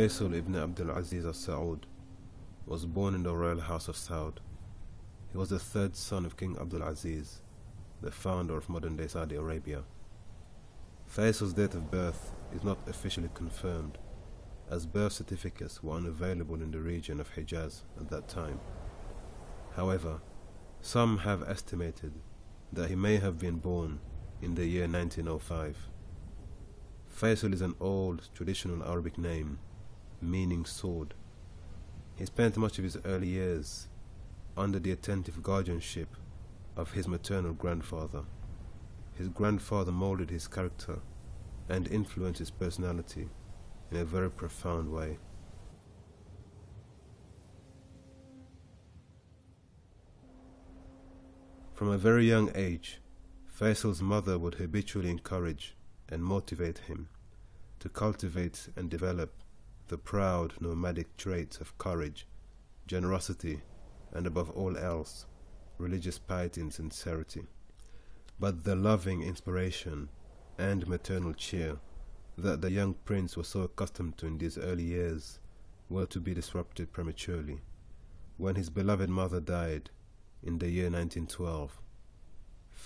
Faisal ibn Abdul Aziz Al Saud was born in the royal house of Saud. He was the third son of King Abdul Aziz, the founder of modern day Saudi Arabia. Faisal's date of birth is not officially confirmed, as birth certificates were unavailable in the region of Hijaz at that time. However, some have estimated that he may have been born in the year 1905. Faisal is an old traditional Arabic name meaning sword. He spent much of his early years under the attentive guardianship of his maternal grandfather. His grandfather molded his character and influenced his personality in a very profound way. From a very young age, Faisal's mother would habitually encourage and motivate him to cultivate and develop the proud nomadic traits of courage, generosity, and above all else, religious piety and sincerity, but the loving inspiration and maternal cheer that the young prince was so accustomed to in these early years were to be disrupted prematurely when his beloved mother died in the year 1912.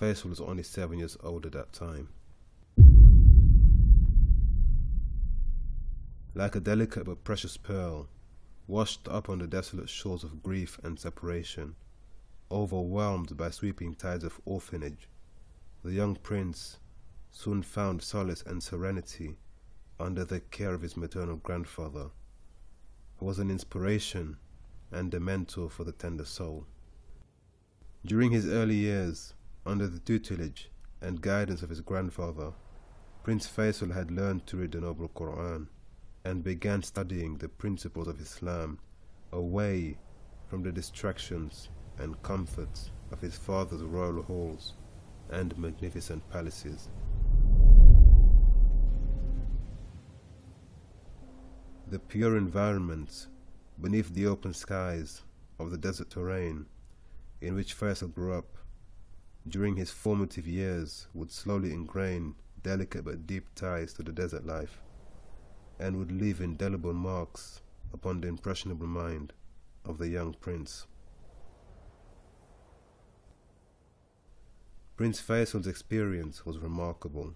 Faisal was only seven years old at that time. like a delicate but precious pearl, washed up on the desolate shores of grief and separation, overwhelmed by sweeping tides of orphanage, the young prince soon found solace and serenity under the care of his maternal grandfather, who was an inspiration and a mentor for the tender soul. During his early years, under the tutelage and guidance of his grandfather, Prince Faisal had learned to read the noble Quran and began studying the principles of Islam away from the distractions and comforts of his father's royal halls and magnificent palaces. The pure environments beneath the open skies of the desert terrain in which Faisal grew up during his formative years would slowly ingrain delicate but deep ties to the desert life and would leave indelible marks upon the impressionable mind of the young prince. Prince Faisal's experience was remarkable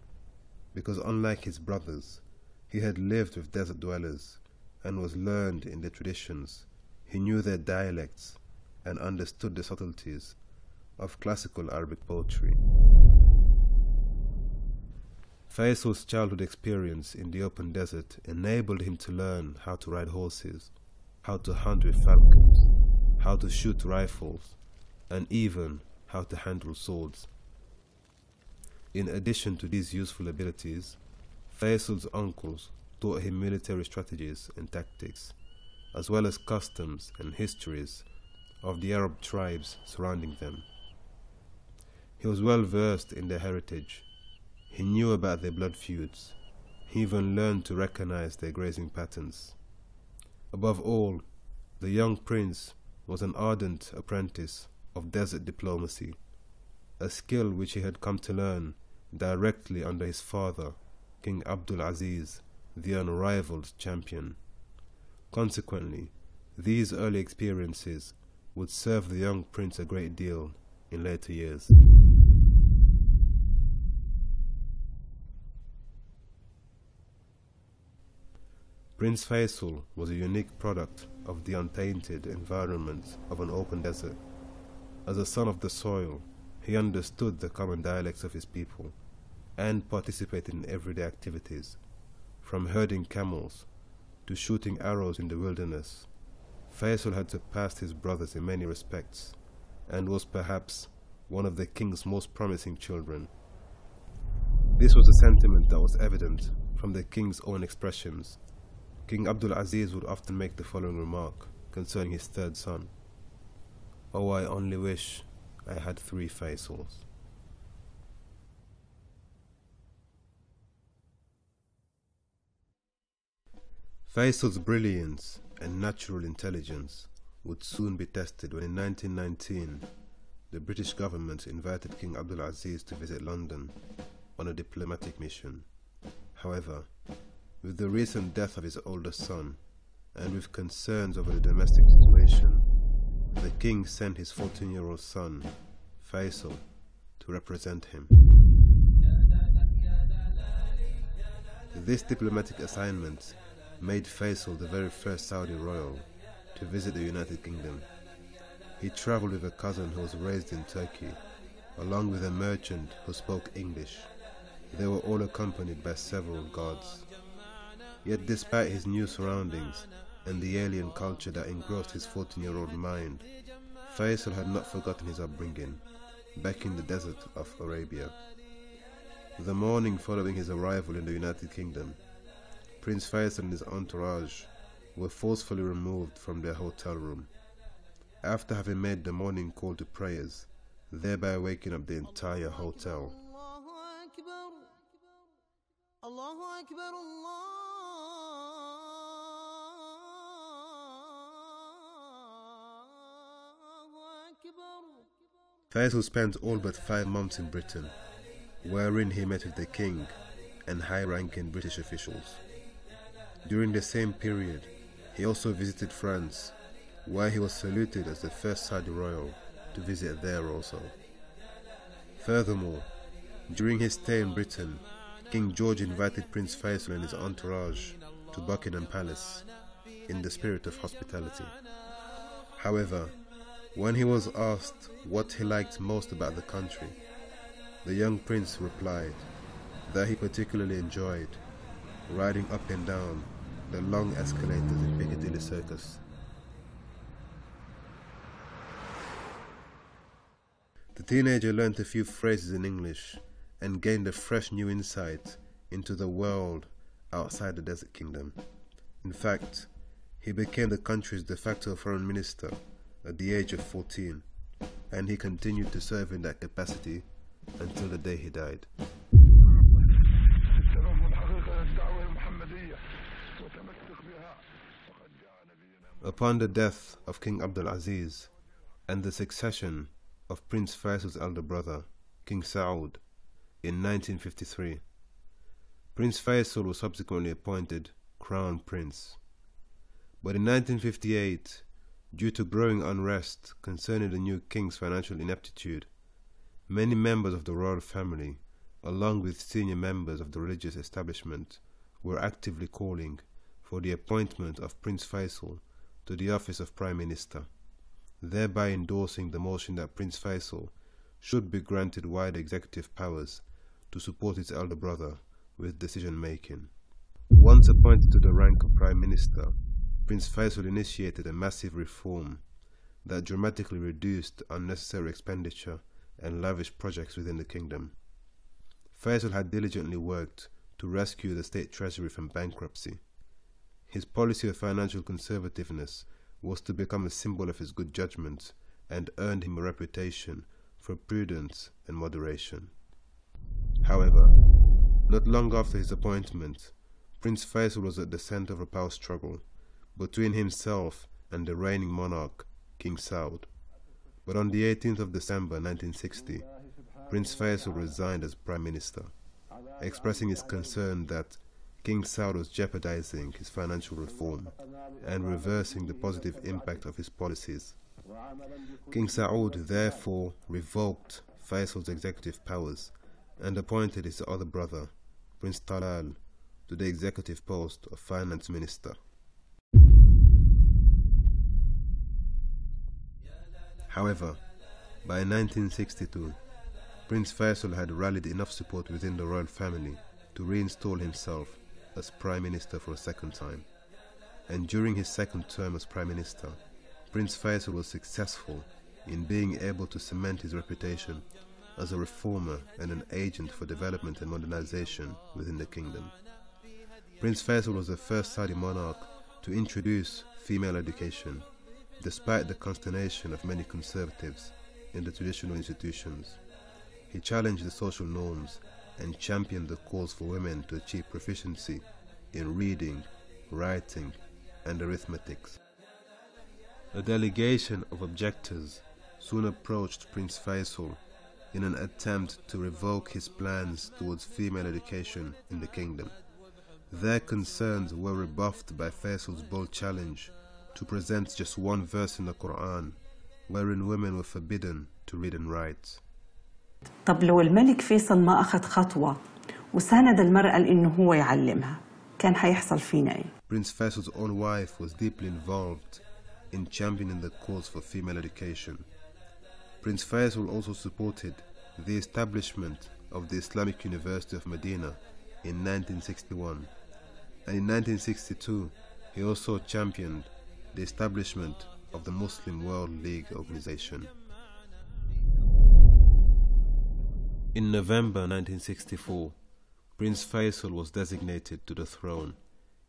because, unlike his brothers, he had lived with desert dwellers and was learned in their traditions. He knew their dialects and understood the subtleties of classical Arabic poetry. Faisal's childhood experience in the open desert enabled him to learn how to ride horses, how to hunt with falcons, how to shoot rifles, and even how to handle swords. In addition to these useful abilities, Faisal's uncles taught him military strategies and tactics, as well as customs and histories of the Arab tribes surrounding them. He was well versed in their heritage he knew about their blood feuds. He even learned to recognize their grazing patterns. Above all, the young prince was an ardent apprentice of desert diplomacy, a skill which he had come to learn directly under his father, King Abdul Aziz, the unrivaled champion. Consequently, these early experiences would serve the young prince a great deal in later years. Prince Faisal was a unique product of the untainted environment of an open desert. As a son of the soil, he understood the common dialects of his people and participated in everyday activities, from herding camels to shooting arrows in the wilderness. Faisal had surpassed his brothers in many respects and was perhaps one of the king's most promising children. This was a sentiment that was evident from the king's own expressions King Abdul Aziz would often make the following remark concerning his third son Oh, I only wish I had three Faisals. Faisal's brilliance and natural intelligence would soon be tested when in 1919 the British government invited King Abdul Aziz to visit London on a diplomatic mission. However, with the recent death of his older son, and with concerns over the domestic situation, the king sent his 14 year old son, Faisal, to represent him. This diplomatic assignment made Faisal the very first Saudi royal to visit the United Kingdom. He traveled with a cousin who was raised in Turkey, along with a merchant who spoke English. They were all accompanied by several guards. Yet, despite his new surroundings and the alien culture that engrossed his 14 year old mind, Faisal had not forgotten his upbringing back in the desert of Arabia. The morning following his arrival in the United Kingdom, Prince Faisal and his entourage were forcefully removed from their hotel room after having made the morning call to prayers, thereby waking up the entire hotel. Faisal spent all but five months in Britain, wherein he met with the king and high-ranking British officials. During the same period, he also visited France, where he was saluted as the first Saudi royal to visit there also. Furthermore, during his stay in Britain, King George invited Prince Faisal and his entourage to Buckingham Palace in the spirit of hospitality. However, when he was asked what he liked most about the country, the young prince replied that he particularly enjoyed riding up and down the long escalators in Piccadilly Circus. The teenager learnt a few phrases in English and gained a fresh new insight into the world outside the Desert Kingdom. In fact, he became the country's de facto foreign minister at the age of 14, and he continued to serve in that capacity until the day he died. Upon the death of King Abdulaziz and the succession of Prince Faisal's elder brother, King Saud, in 1953, Prince Faisal was subsequently appointed Crown Prince. But in 1958, due to growing unrest concerning the new king's financial ineptitude. Many members of the royal family, along with senior members of the religious establishment, were actively calling for the appointment of Prince Faisal to the office of Prime Minister, thereby endorsing the motion that Prince Faisal should be granted wide executive powers to support his elder brother with decision making. Once appointed to the rank of Prime Minister, Prince Faisal initiated a massive reform that dramatically reduced unnecessary expenditure and lavish projects within the kingdom. Faisal had diligently worked to rescue the state treasury from bankruptcy. His policy of financial conservativeness was to become a symbol of his good judgment and earned him a reputation for prudence and moderation. However, not long after his appointment, Prince Faisal was at the center of a power struggle between himself and the reigning monarch, King Saud. But on the 18th of December 1960, Prince Faisal resigned as Prime Minister, expressing his concern that King Saud was jeopardizing his financial reform and reversing the positive impact of his policies. King Saud therefore revoked Faisal's executive powers and appointed his other brother, Prince Talal, to the executive post of finance minister. However, by 1962, Prince Faisal had rallied enough support within the royal family to reinstall himself as Prime Minister for a second time. And during his second term as Prime Minister, Prince Faisal was successful in being able to cement his reputation as a reformer and an agent for development and modernization within the kingdom. Prince Faisal was the first Saudi monarch to introduce female education despite the consternation of many conservatives in the traditional institutions. He challenged the social norms and championed the calls for women to achieve proficiency in reading, writing, and arithmetics. A delegation of objectors soon approached Prince Faisal in an attempt to revoke his plans towards female education in the kingdom. Their concerns were rebuffed by Faisal's bold challenge to present just one verse in the Quran wherein women were forbidden to read and write. طب لو الملك فيصل ما أخذ خطوة وساند المرأة لأنه هو يعلمها كان حيحصل فينا إيه؟ Prince Faisal's own wife was deeply involved in championing the cause for female education. Prince Faisal also supported the establishment of the Islamic University of Medina in 1961 and in 1962 he also championed the establishment of the Muslim World League Organization. In November 1964, Prince Faisal was designated to the throne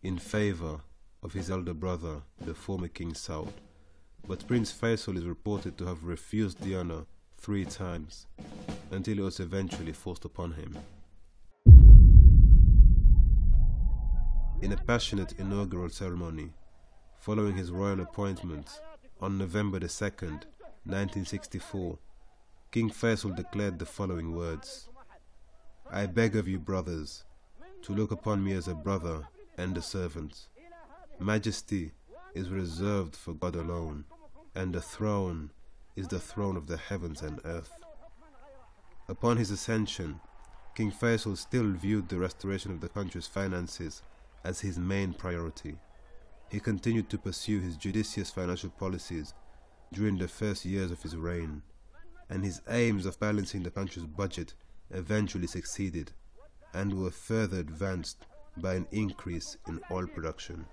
in favor of his elder brother, the former King Saud, but Prince Faisal is reported to have refused the honor three times until it was eventually forced upon him. In a passionate inaugural ceremony, following his royal appointment on November second, 1964, King Faisal declared the following words I beg of you, brothers, to look upon me as a brother and a servant. Majesty is reserved for God alone, and the throne is the throne of the heavens and earth. Upon his ascension, King Faisal still viewed the restoration of the country's finances as his main priority he continued to pursue his judicious financial policies during the first years of his reign, and his aims of balancing the country's budget eventually succeeded and were further advanced by an increase in oil production.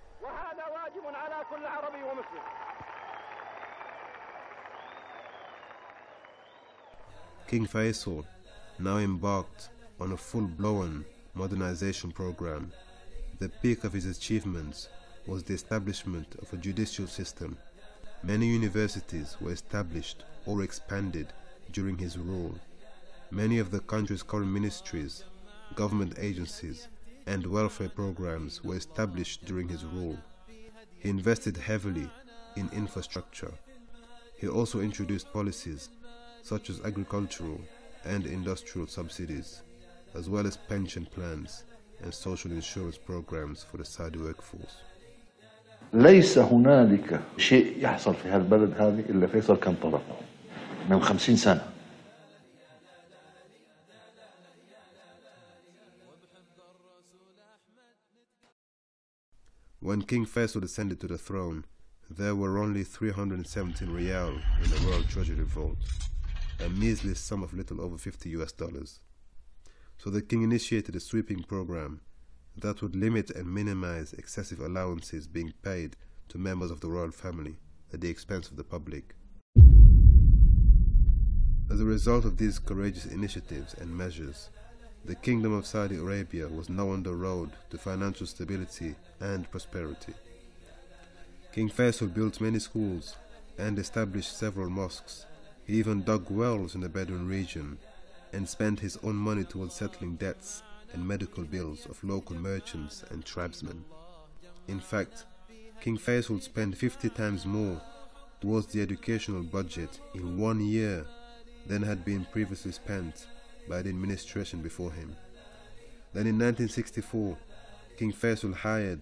King Faisal now embarked on a full blown modernization program. The peak of his achievements was the establishment of a judicial system. Many universities were established or expanded during his rule. Many of the country's current ministries, government agencies, and welfare programs were established during his rule. He invested heavily in infrastructure. He also introduced policies such as agricultural and industrial subsidies, as well as pension plans and social insurance programs for the Saudi workforce. ليس هنالك شيء يحصل في هالبلد هذه الا فيصل كان طلبه من خمسين سنه When King Faisal ascended to the throne, there were only 317 real in the World Treasury Vault, a measly sum of little over 50 US dollars. So the king initiated a sweeping program that would limit and minimize excessive allowances being paid to members of the royal family at the expense of the public. As a result of these courageous initiatives and measures, the Kingdom of Saudi Arabia was now on the road to financial stability and prosperity. King Faisal built many schools and established several mosques. He even dug wells in the Bedouin region and spent his own money towards settling debts and medical bills of local merchants and tribesmen. In fact, King Faisal spent 50 times more towards the educational budget in one year than had been previously spent by the administration before him. Then in 1964, King Faisal hired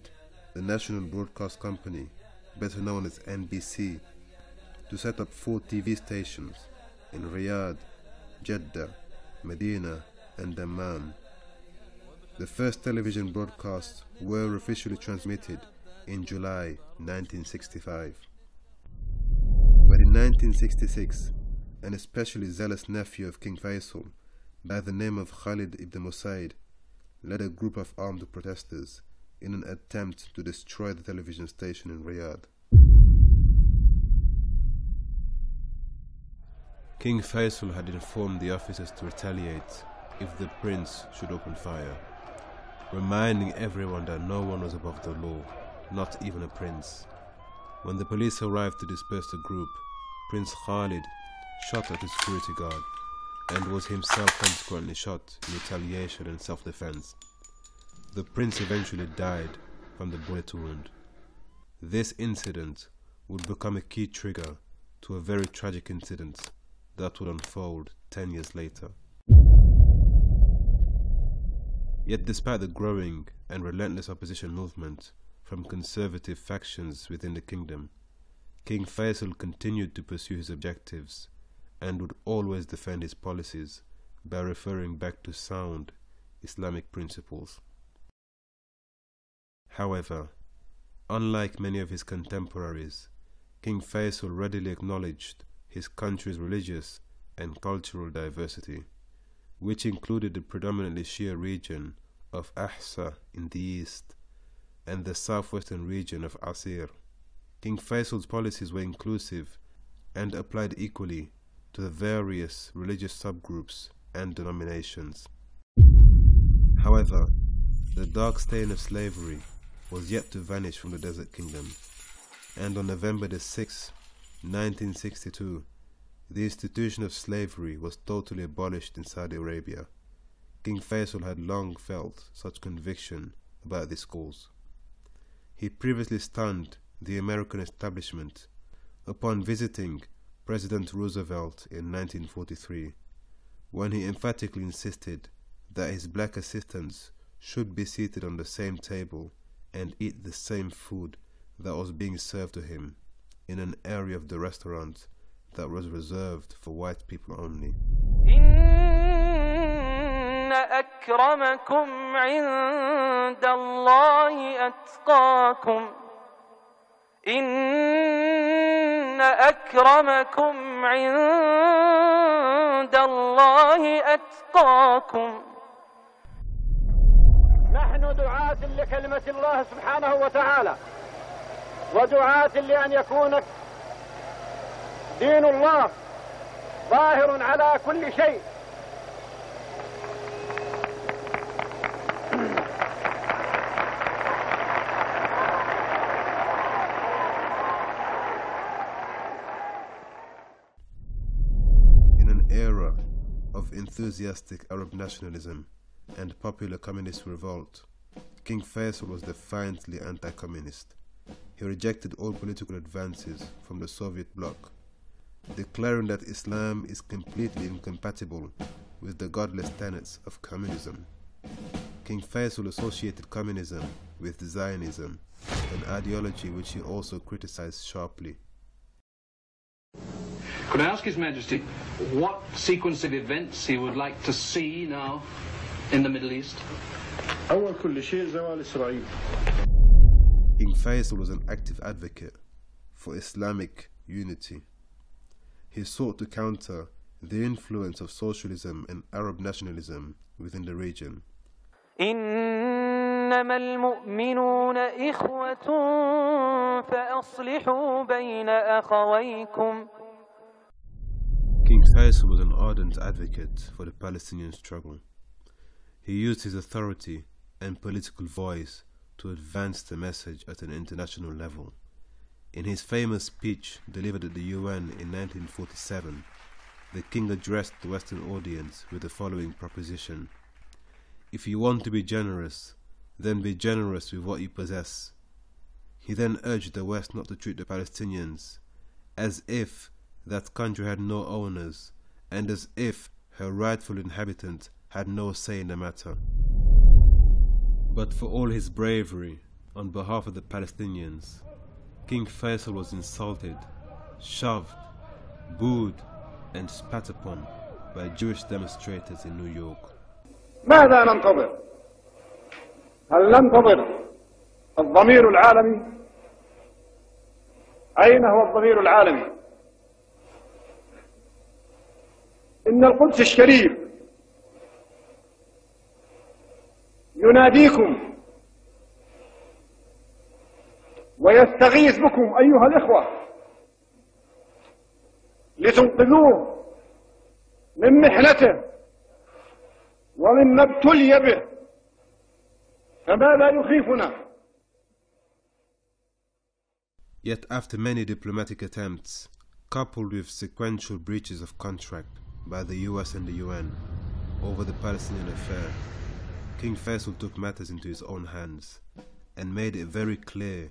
the National Broadcast Company, better known as NBC, to set up four TV stations in Riyadh, Jeddah, Medina, and Amman. The first television broadcasts were officially transmitted in July 1965. But in 1966, an especially zealous nephew of King Faisal, by the name of Khalid ibn Musaid, led a group of armed protesters in an attempt to destroy the television station in Riyadh. King Faisal had informed the officers to retaliate if the prince should open fire reminding everyone that no one was above the law, not even a prince. When the police arrived to disperse the group, Prince Khalid shot at the security guard and was himself consequently shot in retaliation and self defense. The prince eventually died from the bullet wound. This incident would become a key trigger to a very tragic incident that would unfold 10 years later. Yet, despite the growing and relentless opposition movement from conservative factions within the kingdom, King Faisal continued to pursue his objectives and would always defend his policies by referring back to sound Islamic principles. However, unlike many of his contemporaries, King Faisal readily acknowledged his country's religious and cultural diversity which included the predominantly Shia region of Ahsa in the east and the southwestern region of Asir. King Faisal's policies were inclusive and applied equally to the various religious subgroups and denominations. However, the dark stain of slavery was yet to vanish from the Desert Kingdom, and on November the 6th, 1962, the institution of slavery was totally abolished in Saudi Arabia. King Faisal had long felt such conviction about this cause. He previously stunned the American establishment upon visiting President Roosevelt in 1943, when he emphatically insisted that his black assistants should be seated on the same table and eat the same food that was being served to him in an area of the restaurant that was reserved for white people only. إن أكرمكم عند الله أتقاكم إن أكرمكم عند الله أتقاكم نحن دعاة لكلمة الله سبحانه وتعالى ودعاة لأن يكون دين الله ظاهر على كل شيء In an era of enthusiastic Arab nationalism and popular communist revolt, King Faisal was defiantly anti-communist. He rejected all political advances from the Soviet bloc declaring that Islam is completely incompatible with the godless tenets of communism. King Faisal associated communism with Zionism, an ideology which he also criticized sharply. Could I ask His Majesty what sequence of events he would like to see now in the Middle East? King Faisal was an active advocate for Islamic unity. He sought to counter the influence of socialism and Arab nationalism within the region. إنما المؤمنون إخوة فأصلحوا بين أخويكم King Faisal was an ardent advocate for the Palestinian struggle. He used his authority and political voice to advance the message at an international level. In his famous speech delivered at the UN in 1947, the king addressed the Western audience with the following proposition If you want to be generous, then be generous with what you possess. He then urged the West not to treat the Palestinians as if that country had no owners and as if her rightful inhabitants had no say in the matter. But for all his bravery on behalf of the Palestinians, King Faisal was insulted, shoved, booed, and spat upon by Jewish demonstrators in New York. ماذا ننتظر؟ هل ننتظر الضمير العالمي؟ أين هو الضمير العالمي؟ إن القدس الشريف يناديكم ويستغيث بكم أيها الإخوة لتنقذوه من محنته ومما ابتلي به فماذا يخيفنا؟ Yet after many diplomatic attempts, coupled with sequential breaches of contract by the US and the UN over the Palestinian affair, King Faisal took matters into his own hands and made it very clear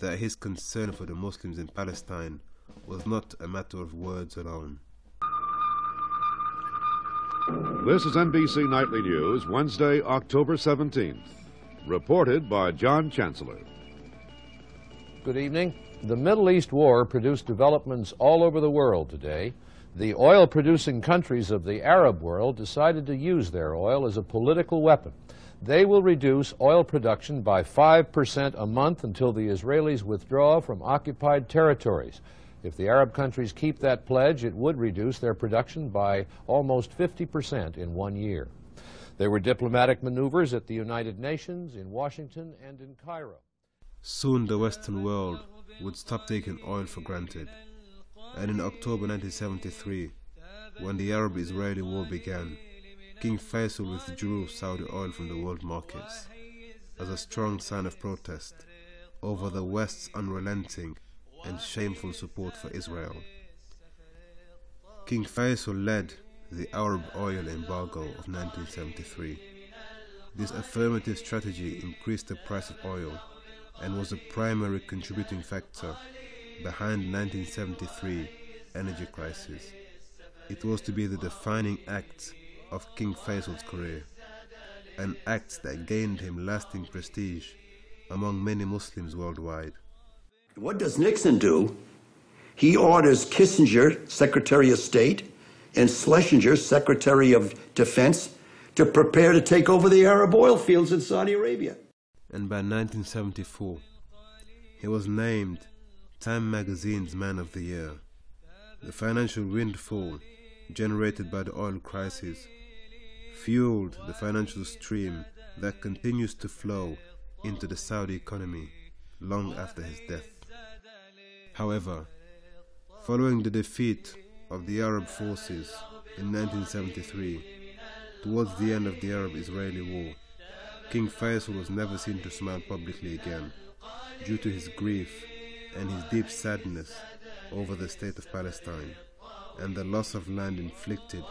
that his concern for the Muslims in Palestine was not a matter of words alone. This is NBC Nightly News, Wednesday, October 17th. Reported by John Chancellor. Good evening. The Middle East war produced developments all over the world today. The oil producing countries of the Arab world decided to use their oil as a political weapon. They will reduce oil production by 5% a month until the Israelis withdraw from occupied territories. If the Arab countries keep that pledge, it would reduce their production by almost 50% in one year. There were diplomatic maneuvers at the United Nations, in Washington, and in Cairo. Soon the Western world would stop taking oil for granted. And in October 1973, when the Arab-Israeli war began, King Faisal withdrew Saudi oil from the world markets as a strong sign of protest over the West's unrelenting and shameful support for Israel. King Faisal led the Arab oil embargo of 1973. This affirmative strategy increased the price of oil and was a primary contributing factor behind 1973 energy crisis. It was to be the defining act of King Faisal's career, an act that gained him lasting prestige among many Muslims worldwide. What does Nixon do? He orders Kissinger, Secretary of State, and Schlesinger, Secretary of Defense, to prepare to take over the Arab oil fields in Saudi Arabia. And by 1974, he was named Time magazine's Man of the Year. The financial windfall generated by the oil crisis fueled the financial stream that continues to flow into the Saudi economy long after his death. However, following the defeat of the Arab forces in 1973, towards the end of the Arab-Israeli war, King Faisal was never seen to smile publicly again due to his grief and his deep sadness over the state of Palestine and the loss of land inflicted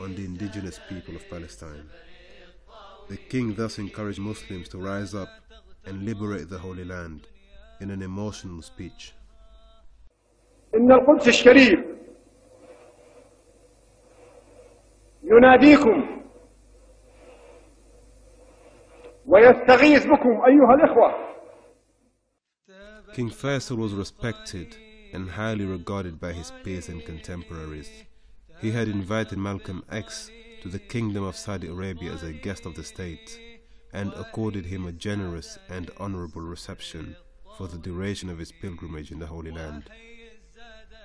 on the indigenous people of Palestine. The king thus encouraged Muslims to rise up and liberate the Holy Land in an emotional speech. يناديكم ويستغيث بكم أيها الإخوة King Faisal was respected and highly regarded by his peers and contemporaries. He had invited Malcolm X to the Kingdom of Saudi Arabia as a guest of the state and accorded him a generous and honorable reception for the duration of his pilgrimage in the Holy Land.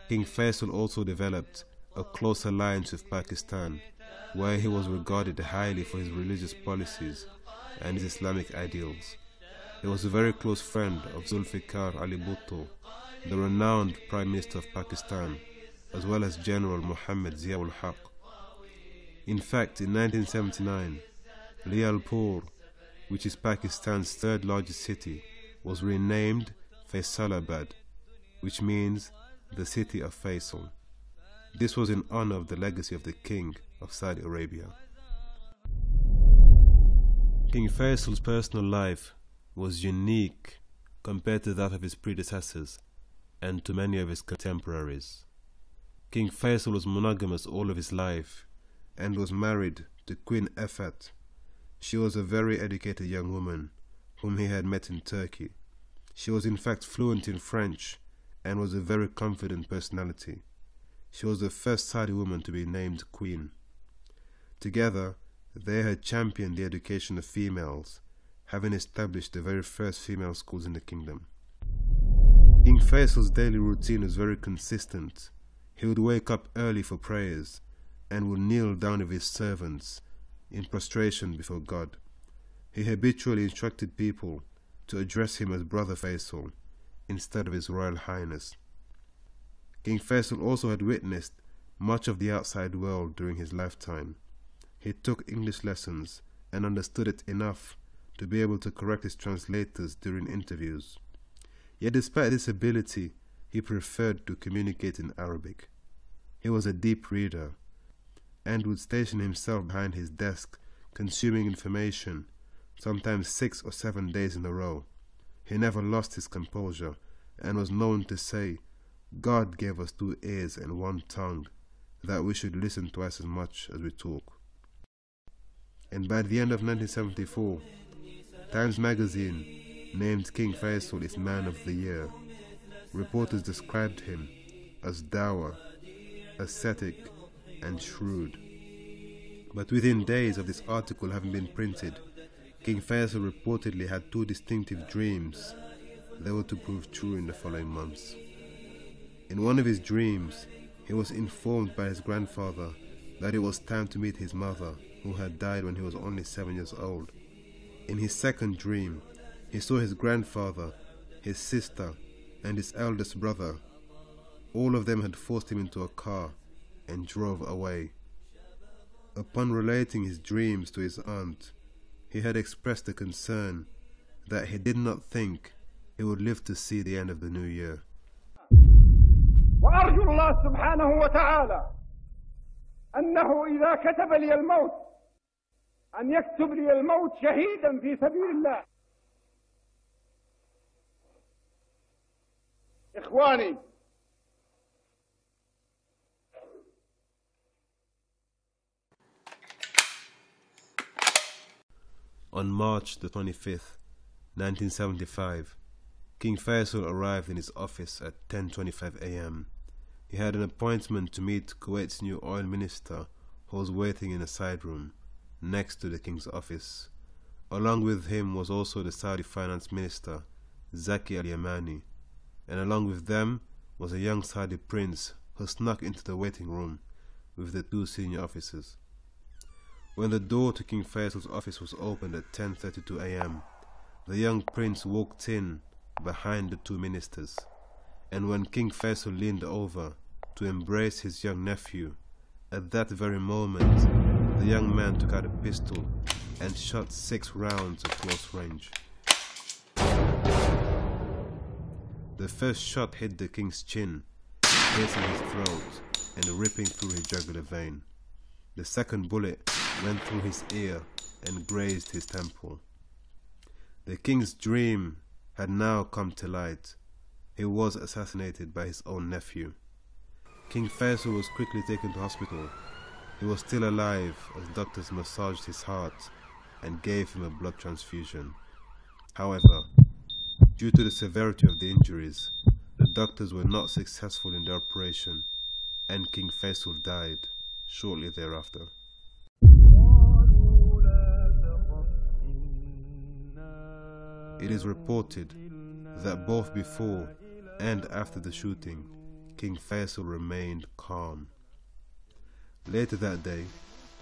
King Faisal also developed a close alliance with Pakistan, where he was regarded highly for his religious policies and his Islamic ideals. He was a very close friend of Zulfikar Ali Bhutto, the renowned Prime Minister of Pakistan, as well as General Muhammad Ziaul Haq. In fact, in 1979, Lialpur, which is Pakistan's third largest city, was renamed Faisalabad, which means the city of Faisal. This was in honor of the legacy of the king of Saudi Arabia. King Faisal's personal life was unique compared to that of his predecessors and to many of his contemporaries. King Faisal was monogamous all of his life and was married to Queen Efat. She was a very educated young woman whom he had met in Turkey. She was in fact fluent in French and was a very confident personality. She was the first Saudi woman to be named queen. Together, they had championed the education of females, having established the very first female schools in the kingdom. King Faisal's daily routine was very consistent. He would wake up early for prayers and would kneel down with his servants in prostration before God. He habitually instructed people to address him as Brother Faisal instead of His Royal Highness. King Faisal also had witnessed much of the outside world during his lifetime. He took English lessons and understood it enough to be able to correct his translators during interviews. Yet, despite this ability, he preferred to communicate in Arabic. He was a deep reader and would station himself behind his desk, consuming information, sometimes six or seven days in a row. He never lost his composure and was known to say, God gave us two ears and one tongue, that we should listen twice as much as we talk. And by the end of 1974, Times Magazine named King Faisal its Man of the Year. Reporters described him as dour, ascetic, and shrewd. But within days of this article having been printed, King Faisal reportedly had two distinctive dreams that were to prove true in the following months. In one of his dreams, he was informed by his grandfather that it was time to meet his mother, who had died when he was only seven years old. In his second dream, he saw his grandfather, his sister, and his eldest brother. All of them had forced him into a car and drove away. Upon relating his dreams to his aunt, he had expressed a concern that he did not think he would live to see the end of the new year. وأرجو الله سبحانه وتعالى أنه إذا كتب لي الموت أن يكتب لي الموت شهيدا في سبيل الله إخواني On March the 25th, 1975, King Faisal arrived in his office at 10:25 a.m. He had an appointment to meet Kuwait's new oil minister, who was waiting in a side room next to the king's office. Along with him was also the Saudi finance minister, Zaki al-Yamani, and along with them was a young Saudi prince who snuck into the waiting room with the two senior officers. When the door to King Faisal's office was opened at 10.32 a.m., the young prince walked in behind the two ministers, and when King Faisal leaned over to embrace his young nephew, at that very moment, the young man took out a pistol and shot six rounds at close range. The first shot hit the king's chin, piercing his throat and ripping through his jugular vein. The second bullet went through his ear and grazed his temple. The king's dream had now come to light. He was assassinated by his own nephew. King Faisal was quickly taken to hospital. He was still alive as doctors massaged his heart and gave him a blood transfusion. However, Due to the severity of the injuries, the doctors were not successful in their operation and King Faisal died shortly thereafter. It is reported that both before and after the shooting, King Faisal remained calm. Later that day,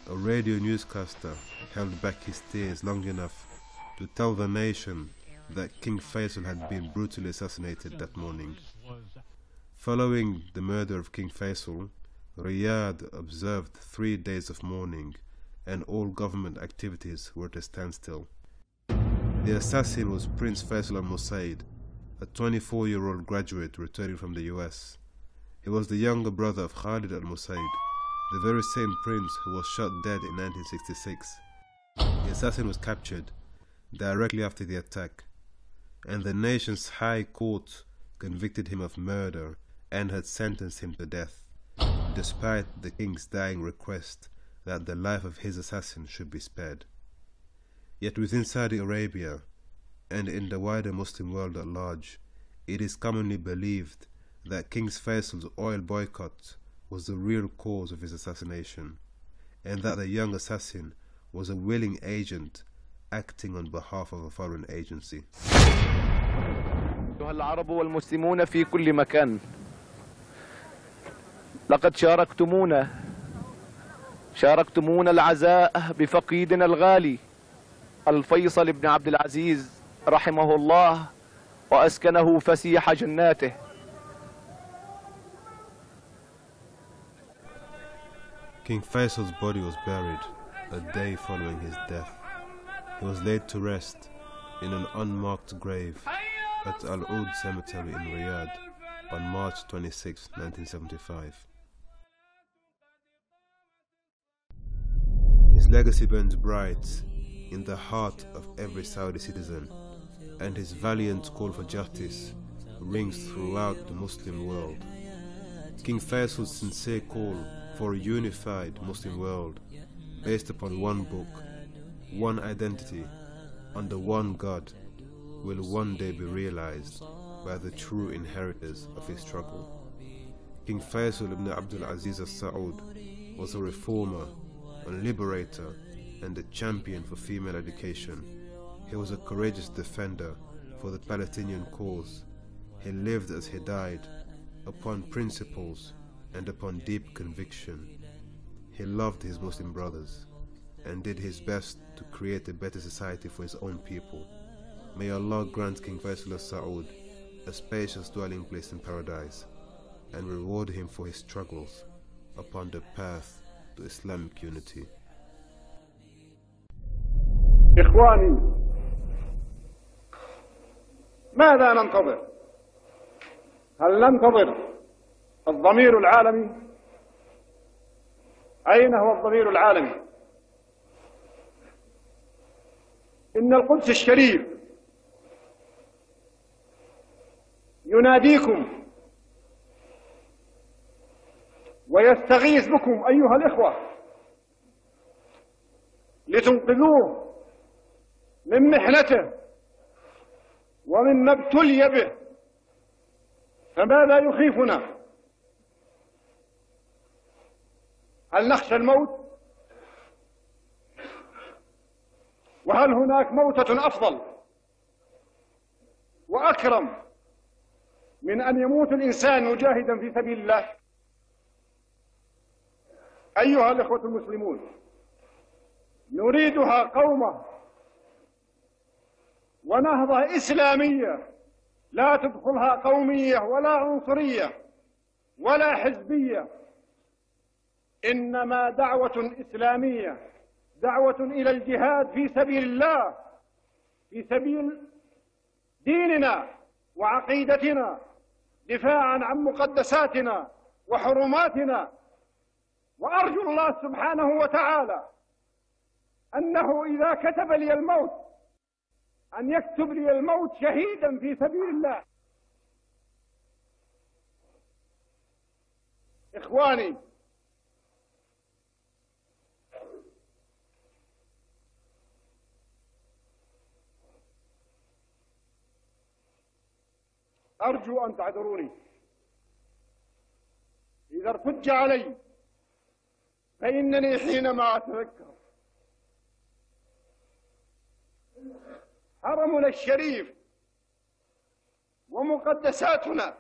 a radio newscaster held back his tears long enough to tell the nation that King Faisal had been brutally assassinated that morning. Following the murder of King Faisal, Riyadh observed three days of mourning and all government activities were at a standstill. The assassin was Prince Faisal al Mosaid, a 24 year old graduate returning from the US. He was the younger brother of Khalid al Mosaid, the very same prince who was shot dead in 1966. The assassin was captured directly after the attack and the nation's high court convicted him of murder and had sentenced him to death, despite the king's dying request that the life of his assassin should be spared. Yet within Saudi Arabia and in the wider Muslim world at large, it is commonly believed that King Faisal's oil boycott was the real cause of his assassination, and that the young assassin was a willing agent acting on behalf of a foreign agency. أيها العرب والمسلمون في كل مكان لقد شاركتمونا شاركتمونا العزاء بفقيدنا الغالي الفيصل بن عبد العزيز رحمه الله وأسكنه فسيح جناته King Faisal's body was buried a day following his death. He was laid to rest in an unmarked grave at Al Oud Cemetery in Riyadh on March 26, 1975. His legacy burns bright in the heart of every Saudi citizen, and his valiant call for justice rings throughout the Muslim world. King Faisal's sincere call for a unified Muslim world based upon one book one identity under one God will one day be realized by the true inheritors of his struggle. King Faisal ibn Abdul Aziz al Saud was a reformer, a liberator, and a champion for female education. He was a courageous defender for the Palestinian cause. He lived as he died, upon principles and upon deep conviction. He loved his Muslim brothers and did his best to create a better society for his own people. May Allah grant King Faisalullah Saud a spacious dwelling place in paradise and reward him for his struggles upon the path to Islamic unity. إخواني ماذا ننتظر؟ هل ننتظر الضمير العالمي؟ أين هو الضمير العالمي؟ إن القدس الشريف يناديكم ويستغيث بكم أيها الإخوة لتنقذوه من محنته ومما ابتلي به فماذا يخيفنا هل نخشى الموت وهل هناك موتة أفضل وأكرم من أن يموت الإنسان مجاهدا في سبيل الله أيها الإخوة المسلمون نريدها قومة ونهضة إسلامية لا تدخلها قومية ولا عنصرية ولا حزبية إنما دعوة إسلامية دعوة إلى الجهاد في سبيل الله في سبيل ديننا وعقيدتنا دفاعا عن مقدساتنا وحرماتنا وأرجو الله سبحانه وتعالى أنه إذا كتب لي الموت أن يكتب لي الموت شهيدا في سبيل الله إخواني أرجو أن تعذروني إذا ارتج علي فإنني حينما أتذكر حرمنا الشريف ومقدساتنا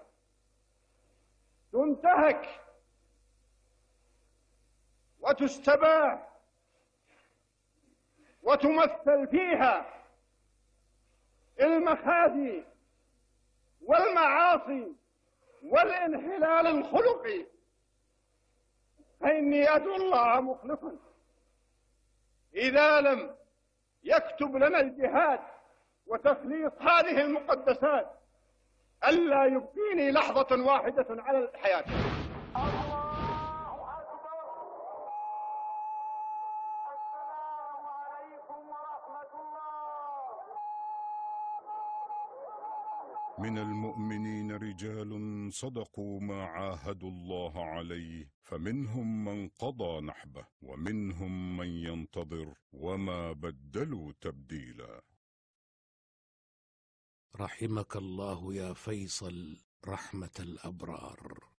تنتهك وتستباح وتمثل فيها المخازي والمعاصي والانحلال الخلقي فإني أدعو الله مخلصا إذا لم يكتب لنا الجهاد وتخليص هذه المقدسات ألا يبقيني لحظة واحدة على الحياة من المؤمنين رجال صدقوا ما عاهدوا الله عليه فمنهم من قضى نحبه ومنهم من ينتظر وما بدلوا تبديلا رحمك الله يا فيصل رحمه الابرار